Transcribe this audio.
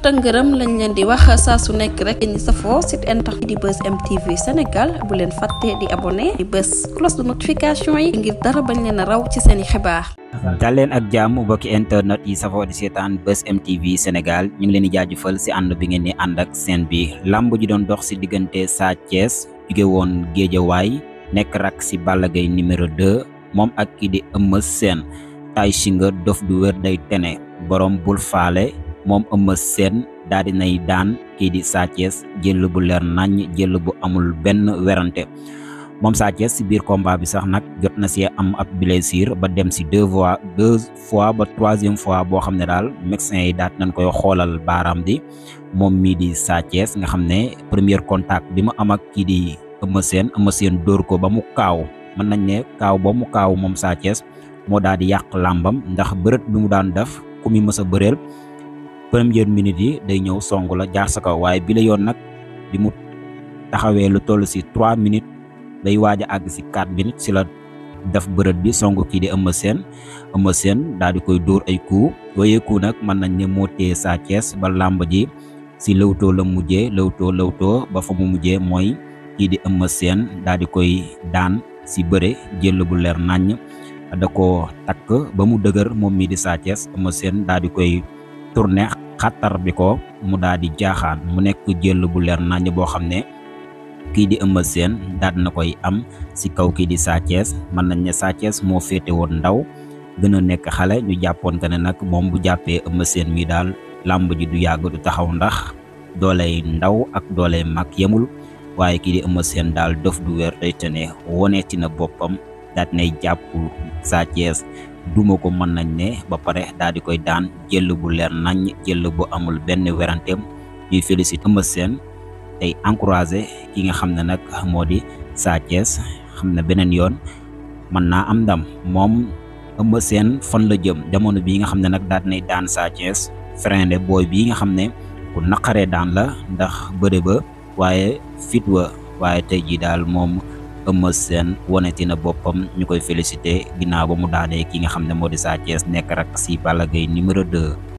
tëngërëm lañ leen di wax sa su nek rek ni fo site internet di bus mtv Senegal, bu leen fatte di abonné di bës cloche de notification yi ngir dara bañ leen raw ci seen xibaar dal leen ak bu internet yi savo di setan mtv Senegal, ñu ngi leen di jaajëfal si ànd bi ngeen ni and ak seen bi lamb ji doon dox si diggante sa thiès won woon way nek rak si balagay ini numéro 2 mom ak ki di eum Sène tay singer dof du wër day tene borom bul faale mom emosien sen daal nay daan ki di Sa jël bu leer nañ jël bu amul ben werante mom Sa ci bir combat bi sax nak jot na ci am ab blessure ba dem si deux fois deux fois ba troisième fois bo xamné dal médecin yi daat nañ koy xolal baram di mom mi di Sa nga xamné premier contact bima am ak ki di Eumeu sen Eumeu sen emosien ko ba mu kaw man nañ né kaw ba mu kaw yak Sa mo moo yak lambam kumi ndax bi mu daan def kumi mësa beurel première minute yi day ñew songu la jaar sa ko way bi la yoon nak bi mu taxawé lu toll ci 3 minute day waja ag ci 4 minute ci la daf bërët bi songu ki di Eumeu Sène Eumeu Sène daal di koy door ay coup yooyee coup nak man nañ ne mo té Sa Thiès ba lamb ji ci lewto la mujjé lewto lewto ba fa mu mujjé moy ki di Eumeu Sène daal di koy daan ci bëre jël bu lèr nañ da ko tak ba mu dëgër mom mi di Sa Thiès Eumeu Sène daal di koy tourner khatar bi ko mu daldi di jaaxaan mu nekk jël bu leer naññ bo xamne ne di eumal sen daal na koy am si kaw ki di satiès man nañ ne satiès mo fété won ndaw gëna nek xalé ñu jappon que ne mom bu jappé eumal sen mi daal lamb ji du yag du taxaw ndax ndaw ak dole mak yemul waye ki di eumal sen daal dof du wër day tene woneeti na daal nay jappu satiès duma ko mën nañ ne ba pare daal di koy daan jëll bu leer nañ jëll bu amul benn weranteem ñuy félicité Eumeu seen tey encouragé ki nga xam ne nag moo di Sa xam ne beneen yoon mën naa am ndam moom Eumeu Sène fan la jëm jamono bii nga xam ne nag daal dinay daan Sa Thiès freiné booy bii nga xam ne ku naqaree daan la ndax bëre ba waaye fitwa waaye tey jii daal moom Eumeu seen wonati na boppam ñu koy félicité ginnaaw ba mu daanee ki nga xam ne moo di Sa Thiès nekk rak si Balla Gaye numéro deux